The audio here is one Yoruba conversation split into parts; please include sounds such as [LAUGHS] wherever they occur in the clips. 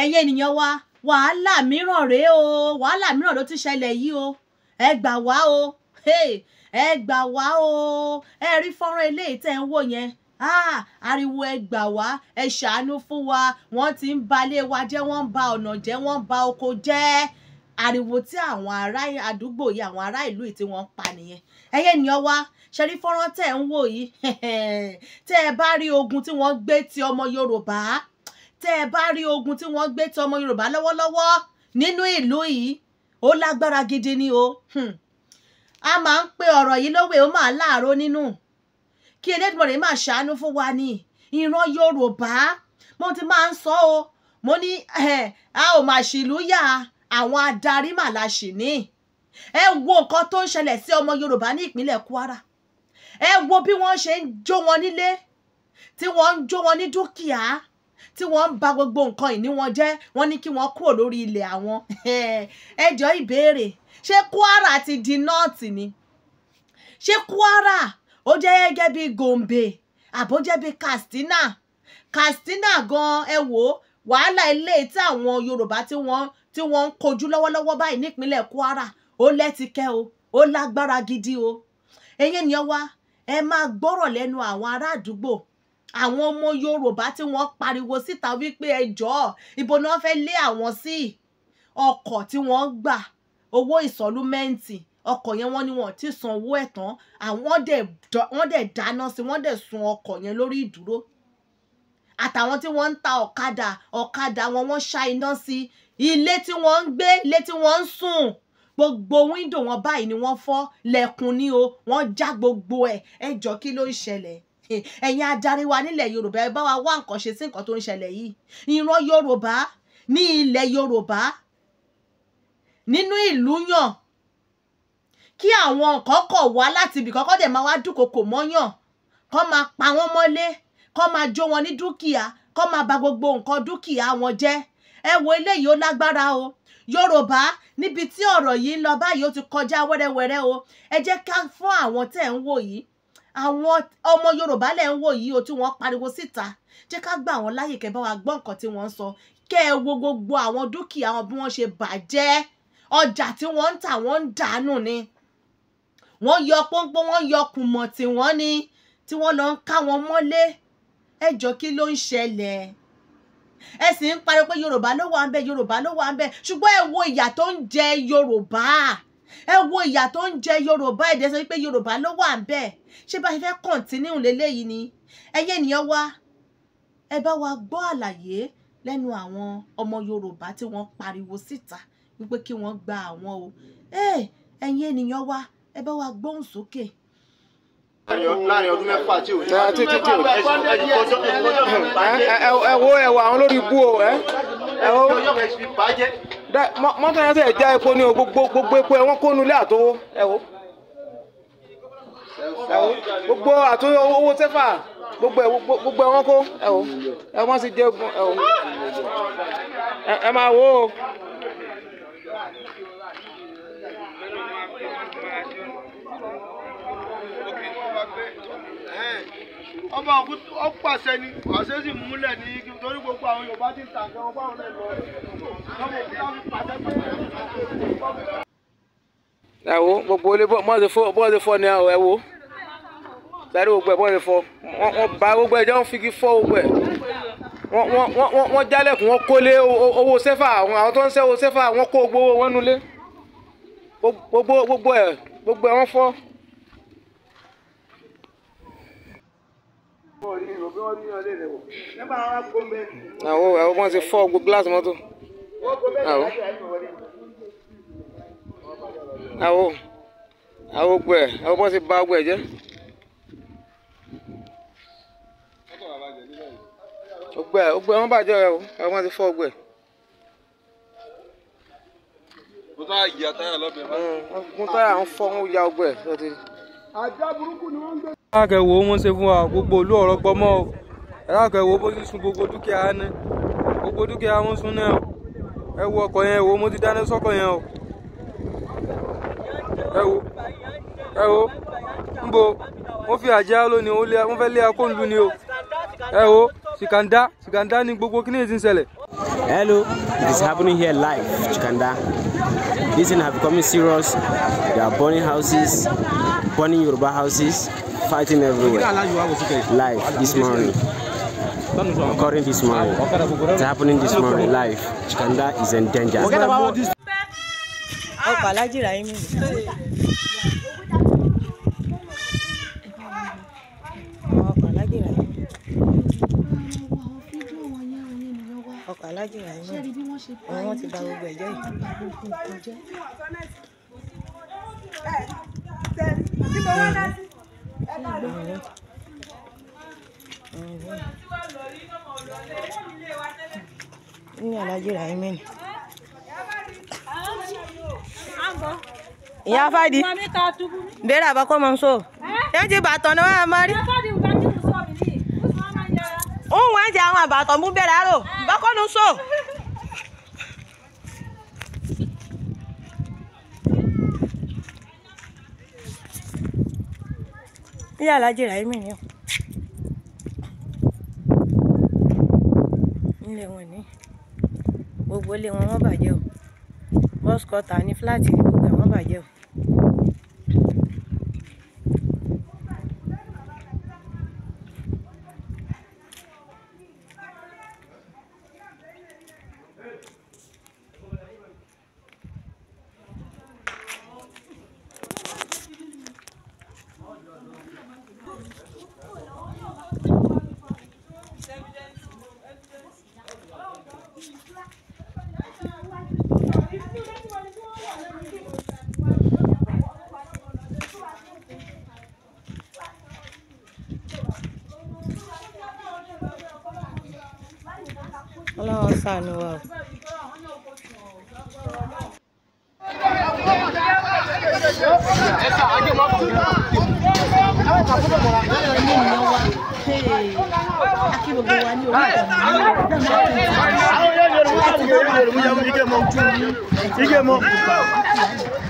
ẹ̀yin ènìyàn wa wàhálà mìíràn rèé o wàhálà mìíràn ló ti ṣẹlẹ̀ yìí o ẹ gbà wá o ẹ gbà wá o ẹ rí fọ́nrán eléyìí tẹ́ ń wò yẹn Ah, ariwo ẹ gbà wá ẹ ṣàánú fún wa wọ́n ti ń balé wa jẹ́ wọ́n ń ba ọ̀nà jẹ́ wọ́n ń ba oko jẹ́ ariwo tí àwọn ará àdúgbò yìí àwọn ará ìlú yìí tí wọ́n ń pa nìyẹn ẹyẹ ènìyàn wa ṣẹrí fọ́nrán tẹ́ ń wò yìí [LAUGHS] tẹ́ ẹ bá rí ogun tí wọ́n gbé ti ọmọ Yorùbá tẹ́ ẹ bá rí ogun tí wọ́n gbé tọmọ Yorùbá lọ́wọ́lọ́wọ́ nínú ìlú yìí ó lágbára gidi ni o hmm. a máa ń pe ọ̀rọ̀ yìí lówe ó máa láàárọ̀ nínú kí Elédùmarè máa ṣàánú fún wa ni ìran Yorùbá mo ti máa ń sọ o mo ní a ò mà ṣìlú yà àwọn adarí mà la ṣì ní ẹ wo nǹkan tó ń ṣẹlẹ̀ sí ọmọ Yorùbá ní ìpínlẹ̀ Kwara ẹ wo bí wọ́n ṣe ń jó wọn nílé tí wọ́n ń jó wọn ní dúkìá tí wọ́n ń ba gbogbo nǹkan ìní wọn jẹ́ wọ́n ní kí wọ́n kúrò lórí ilẹ̀ àwọn [LAUGHS] ẹjọ́ ìbéèrè ṣé Kwara ti di nọ́ọ̀tì ni ṣé Kwara ó jẹ́ gẹ́gẹ́ bí Gombe àbójẹ́ bí Katsina Katsina gan ẹ wò ó wàhálà ilé tí àwọn Yorùbá tí wọ́n tí wọ́n ń kojú lọ́wọ́lọ́wọ́ báyìí nípínlẹ̀ Kwara ó lẹ́tìkẹ́ o ó lágbára gidi o ẹ̀yin ènìyàn wa ẹ máa gbọ́rọ̀ lẹ́nu àwọn ará àdúgbò àwọn ọmọ Yorùbá tí wọ́n pariwo síta wípé ẹjọ́ ibo ni wọ́n fẹ́ lé àwọn sí ọkọ̀ tí wọ́n gbà owó ìsọlúmẹ́ǹtì ọkọ̀ yẹn wọ́n ní wọn ti san owó ẹ̀ tán àwọn wọ́n dẹ̀ dáná sí wọ́n dẹ̀ sun ọkọ̀ yẹn lórí ìdúró àtàwọn tí wọ́n ń ta ọ̀kadà ọ̀kadà wọn wọ́n ṣá iná sí ilé tí wọ́n ń gbé ilé tí wọ́n ń sùn gbogbo wíńdò wọn báyìí ni wọ́n fọ́ lẹ̀kùn ni o wọ́n já gbogbo ẹ̀ ẹ jọ kí ló ń ṣẹlẹ̀ ẹ̀yin adarí wa nílẹ̀ yorùbá ẹ bá wa wá nǹkan ṣe sí nǹkan tó ń ṣẹlẹ̀ yìí ìran yorùbá ní ilẹ̀ yorùbá nínú ìlú yàn kí àwọn nǹkan kọ̀ wá láti ibì kọ́kọ́ dẹ̀ máa wá dúnkokò mọ́yàn kọ́ máa pa wọ́n mọ́lé kọ́ máa jó wọn ní dúkìá kọ́ máa bà gbogbo nǹkan dúkìá wọn jẹ́ ẹ wo eléyìí ó lágbára o yorùbá níbi tí ọ̀rọ̀ yìí ń lọ báyìí ó ti kọjá wẹ́rẹ́wẹ́rẹ́ o ẹ jẹ́ ká fún àwọn tẹ̀ ń wò yìí àwọn ọmọ yorùbá lẹ̀ ń wò yìí o tí wọ́n pariwo síta jẹ́ ká gbà wọ́n láyè kẹ́ wa gbọ́ nǹkan tí wọ́n sọ kẹ́ ẹ wo gbogbo àwọn dúkìá wọn bí wọ́n ṣe bàjẹ́ ọjà tí wọ́n ń tà wọ́n ń dànù ni wọ́n yọ pọ́npọ́n wọ́n yọ kùmọ̀ tí wọ́n ní tí wọ́n lọ ń ká wọn mọ́lé ẹjọ́ kí ló ń ṣẹlẹ̀ ẹ sì ń pariwo pé yorùbá ló wà ń bẹ yorùbá ló wà ń bẹ ṣùgbọ́n ẹ wo ìyà tó ń jẹ yorùbá ẹ wo ìyà tó ń jẹ yorùbá ẹ̀dẹ̀ sọ wípé yorùbá ló wà ń bẹ̀ ṣé bá ṣe fẹ́ kọ̀ǹtínú lélẹ́yìí ni ẹyẹ ènìyàn wa ẹ bá wa gbọ́ àlàyé lẹ́nu àwọn ọmọ yorùbá tí wọ́n pariwo síta wípé kí wọ́n gba àwọn o ẹ̀yin ènìyàn wa ẹ bá wa gbóhùn sókè láàrin ọdún mẹ́fà tí ò ní. tí tí tí ò ẹ wo ẹ wo àwọn lórí ibú o ẹ. ẹ wo ẹ mọ́tò yẹn sẹ̀ já epo ní o gbogbo gbogbo epo ẹ̀ wọ́n kó nulẹ̀ àtọwọ́ ẹ̀ wò ẹ̀ wò gbogbo àtúnyọ owó sẹ́fà gbogbo ẹ̀ gbogbo ẹ̀ wọ́n kó ẹ̀ wò ẹ̀ wọ́n sì jẹ́ ẹ̀ wò ẹ̀ máa wò ó. ọba ọpàṣẹ ni àṣẹ sì múlẹ̀ ní igi torí gbogbo àwọn Yorùbá ti tà kẹ́ ọba ọ̀rẹ́ lọ ẹ wo gbogbo ilé bọ́ọ̀sì fọ́ bọ́ọ̀sì fọ́ ni ẹ sáré gbogbo ẹ bọ́ọ̀sì fọ́ wọ́n ba gbogbo ẹ jẹ́ wọ́n figi fọ́ gbogbo ẹ wọ́n jálẹ̀kùn wọ́n kólé owó sẹ́fà àwọn tó ń sẹ́wọ́ sẹ́fà wọ́n kó gbowó wọn nulẹ̀ gbogbo gbogbo gbogbo ẹ wọ́n fọ́. àwọ àwọ wọn ti fọ gbogbo glass mọ́tò àwọ àwọ àwọ gbẹ àwọ wọn ti bà gbẹ jẹ́. ọgbẹ ọgbẹ wọn bàjẹ́ rẹ o àwọn wọn ti fọ ọgbẹ. mo tọ́ àyè àtàyà lọ́bẹ̀ẹ́ bá. wọ́n gún táyà ń fọ́ wọn ya ọgbẹ àjá burúkú ṣe fún wa gbogbo ọ̀rọ̀ o láàkẹ́ bó ti sun gbogbo dúkìá ní gbogbo dúkìá wọn sun náà ẹ wo yẹn wo mo ti dáná yẹn o ẹ wo ẹ wo ń bo o ẹ wo ń Hello, burning Yoruba houses, fighting everywhere. Life this morning. Occurring this morning. It's happening this morning Life, Chikanda is in danger. Forget ní alájì rà ẹmẹ ni. ìyá fàdí bẹ́ẹ̀rẹ̀ àbákọ́ mọ̀ ń sọ ẹ̀jì bàtàn ni wọ́n á máa rí. òun wọ́n jẹ àwọn àbàtàn mú bẹ́ẹ̀rẹ̀ àrò bákọ́ ló ń sọ. Ya alájẹ rà mí ni o nílé wọn ní gbogbo ilé wọn wọ́n bàjẹ́ o bọ́sù kọ́tà ní fúláàtì ní gbogbo ẹ̀ wọ́n o. ṣàánú wa. Ike mọ.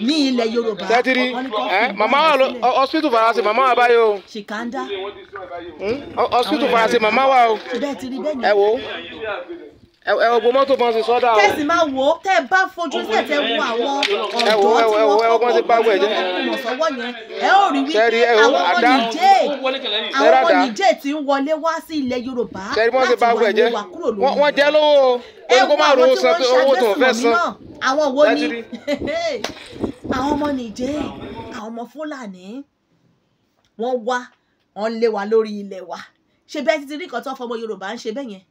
ní ilẹ̀ yorùbá sẹ́tìrì màmá hospital faransé màmá wa báyìí o. ṣìkàndá. Hmm? hospital faransé màmá wa o. bẹ́ẹ̀ ti rí bẹ́ẹ̀ ni. ẹ wo ẹ wo bo mọ́tò bọ́n ṣe sọ́dà o. tẹ̀sí máa wò ó tẹ́ ẹ bá fojú sílẹ̀ tẹ́ wo àwọn ọ̀dọ́ tí wọ́n kọ́kọ́ kọ́ ọmọ sọ́wọ́ yẹn ẹ ó rí wípé àwọn oníjẹ́ àwọn oníjẹ́ ti ń wọlé wá sí ilẹ̀ Yorùbá láti wà ní wà kúrò lórí. wọ́n jẹ́ lówó o. ẹ wo àwọn tí wọ́n ṣàgbẹ́sùn mọ́ náà àwọn wo ni àwọn ọmọ nìjẹ́ àwọn ọmọ fúlàní wọ́n wá wọ́n lé wa lórí ilẹ̀ wa ṣe bẹ́ẹ̀ títí rí nǹkan tó fọmọ yorùbá ń ṣe bẹ́yẹn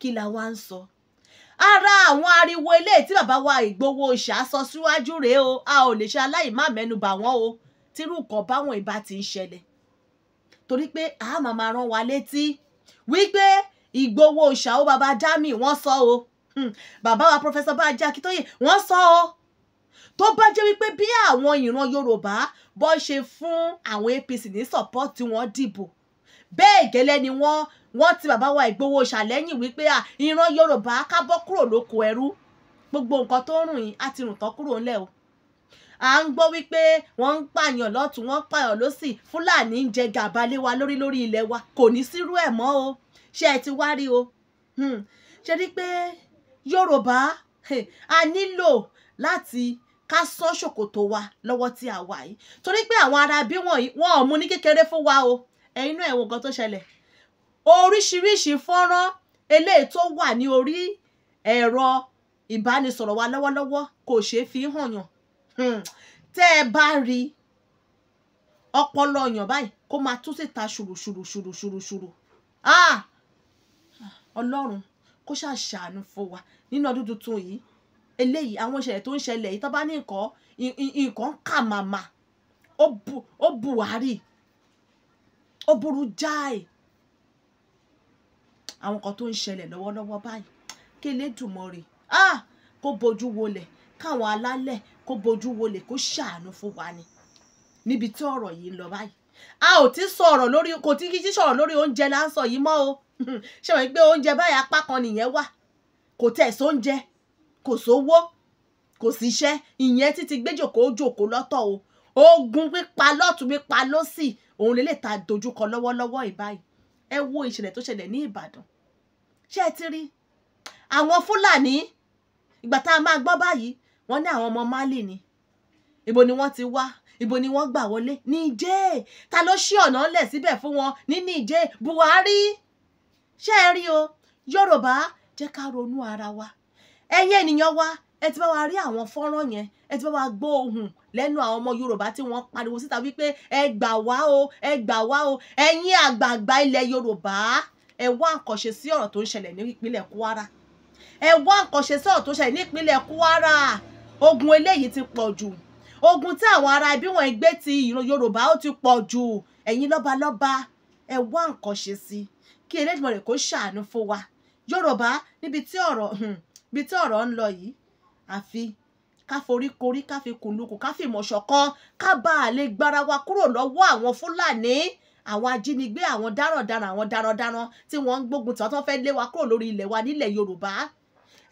kí la wá ń sọ ara àwọn ariwo ilé tí bàbá wa Ìgbòho Òòṣà sọ síwájú rèé o a ò lè ṣe aláìmá mẹ́nubà o tírú nǹkan báwọn ìbá ti ń ṣẹlẹ̀ torí pé a máa máa rán wa létí wípé Ìgbòho Òòṣà o bàbá Dami wọ́n sọ o hmm. bàbá wa pọfẹsọ Bánjí Akíntóyè wọ́n sọ o tó bá jẹ́ wípé bí àwọn ìran Yorùbá bọ́ ṣe fún àwọn APC ní support tí wọ́n dìbò bẹ́ẹ̀ gẹ́lẹ́ ni wọ́n wọ́n ti bàbá wa Ìgbòho ṣàlẹ́yìn wípé à ìran Yorùbá ká bọ́ kúrò lóko ẹrú gbogbo nǹkan tó ń rùn yìí á ti rùn tán kúrò ńlẹ̀ o à ń gbọ́ wípé wọ́n ń pààyàn lọ́tún wọ́n ń pààyàn lọ́sì Fúlàní ń jẹ gàba lé wa lórí lórí ilẹ̀ wa kò ní sírú ẹ̀ mọ́ o ṣé ẹ ti wá rí o hmm. ṣe rí pé Yorùbá a nílò láti ká sán ṣòkòtò wa lọ́wọ́ tí a wà yìí torí pé àwọn ará bí wọ̀nyí wọn ò mú ní kékeré fún wa o ẹ̀yin náà ẹ wo nǹkan tó ṣẹlẹ̀ oríṣiríṣi fọ́nrán eléyìí tó wà ní orí ẹ̀rọ ìbánisọ̀rọ̀ wa lọ́wọ́lọ́wọ́ kò ṣeé fi hàn yàn hmm. tẹ́ ẹ bá rí ọpọlọ yàn báyìí kó máa tú síta ṣùrùṣùrùṣùrùṣùrùṣùrù ah! ọlọ́run kó ṣàṣàánú fún wa nínú ọdún tuntun yìí eléyìí àwọn ìṣẹ̀lẹ̀ tó ń ṣẹlẹ̀ yìí tó bá ní nǹkan nǹkan kà màmá ó buhari ó burú jáì àwọn kan tó ń ṣẹlẹ̀ lọ́wọ́lọ́wọ́ báyìí kí Elédùmarè ah kó bojú wolẹ̀ káwọn alálẹ̀ kó bojú wolẹ̀ kó ṣàánú fún wa ni níbi tí ọ̀rọ̀ yìí ń lọ báyìí a ò ti sọ̀rọ̀ lórí kò tí kí sọ̀rọ̀ lórí oúnjẹ là ń sọ yìí mọ́ o [LAUGHS] ṣe wọ́n pé oúnjẹ báyìí apá kan nìyẹn wà kò tẹ̀ sóúnjẹ kò sówó kò síṣẹ́ ìyẹn títí gbé jòkó jòkó lọ́tọ̀ o ogun pípa lọ́tún pípa lọ́sì òun lè lè ta dojúkọ lọ́wọ́lọ́wọ́ ìbáyìí ẹ wo ìṣẹ̀lẹ̀ tó ṣẹlẹ̀ ní Ìbàdàn ṣé ẹ ti rí àwọn Fúlàní ìgbà tá a máa gbọ́ báyìí wọ́n ní àwọn ọmọ Málì ni ibo ni wọ́n ti wá ibo ni wọ́n gbà wọlé níjẹ́ ta ló ṣí ọ̀nà lẹ̀ síbẹ̀ fún wọn ní níjẹ́ Buhari ṣé ẹ rí o Yorùbá jẹ́ ká ronú ara wa ẹ̀yin ènìyàn wa ẹ ti bá wa rí àwọn fọ́nrán yẹn ẹ ti bá wa gbọ́ ohùn lẹ́nu àwọn ọmọ yorùbá tí wọ́n pariwo síta wípé ẹ gbà wá o ẹ gbà wá o ẹ̀yin àgbààgbà ilẹ̀ yorùbá ẹ wá nǹkan ṣe sí ọ̀rọ̀ tó ń ṣẹlẹ̀ ní ìpínlẹ̀ kwara ẹ wá nǹkan ṣe sí ọ̀rọ̀ tó ń ṣẹlẹ̀ ní ìpínlẹ̀ kwara ogun eléyìí ti pọ̀ jù ogun tí àwọn ará ibi wọn gbé ti ìran yorùbá ó ti pọ̀ jù ẹ̀yin lọ́balọ́ba ẹ wá nǹkan sí kí elédìmọ̀ rẹ̀ kó ṣàánú fún wa yorùbá níbi tí ọ̀rọ̀ hmm, bí tí ọ̀rọ̀ ń lọ yìí àfi ká forí korí ká fi kùnlùkùn ká fi ìmọ̀ ṣọ̀kan ká bá a lè gbára wa kúrò lọ́wọ́ àwọn fúlàní àwọn ajínigbé àwọn dáràndaràn àwọn darandaran tí wọ́n ń gbógun tí wọ́n fẹ́ lé wa kúrò lórí ilẹ̀ wa nílẹ̀ yorùbá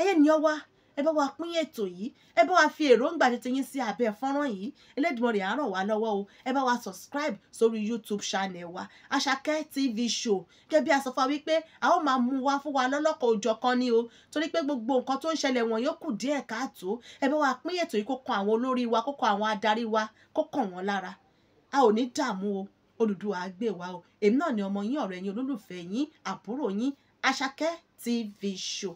ẹ̀yẹ́ ni ọ wá ẹ bá wa pín ètò yìí ẹ bá wa fi èròǹgbà tètè yín sí abẹ́ fọ́nrán yìí Elédùmarè á ràn wá lọ́wọ́ o ẹ bá wa subscribe sórí YouTube channel wa Àṣàkẹ́ TV show gẹ́gẹ́ bí a sọ fún wa wípé a ó máa mú wá fún wa lọ́lọ́kọ̀ òjọ̀ kan ni o torí pé gbogbo nǹkan tó ń ṣẹlẹ̀ wọ̀nyí ó kù díẹ̀ káàtó ẹ bá wa pín ètò yìí kó kan àwọn olórí wa kó kan àwọn adarí wa kó kàn wọ́n lára a ò ní dààmú o Olùduwà á gbè o èmi náà ni ọmọ yín ọ̀rẹ́ yín olólùfẹ́ yín àbúrò yín Àṣàkẹ́ TV show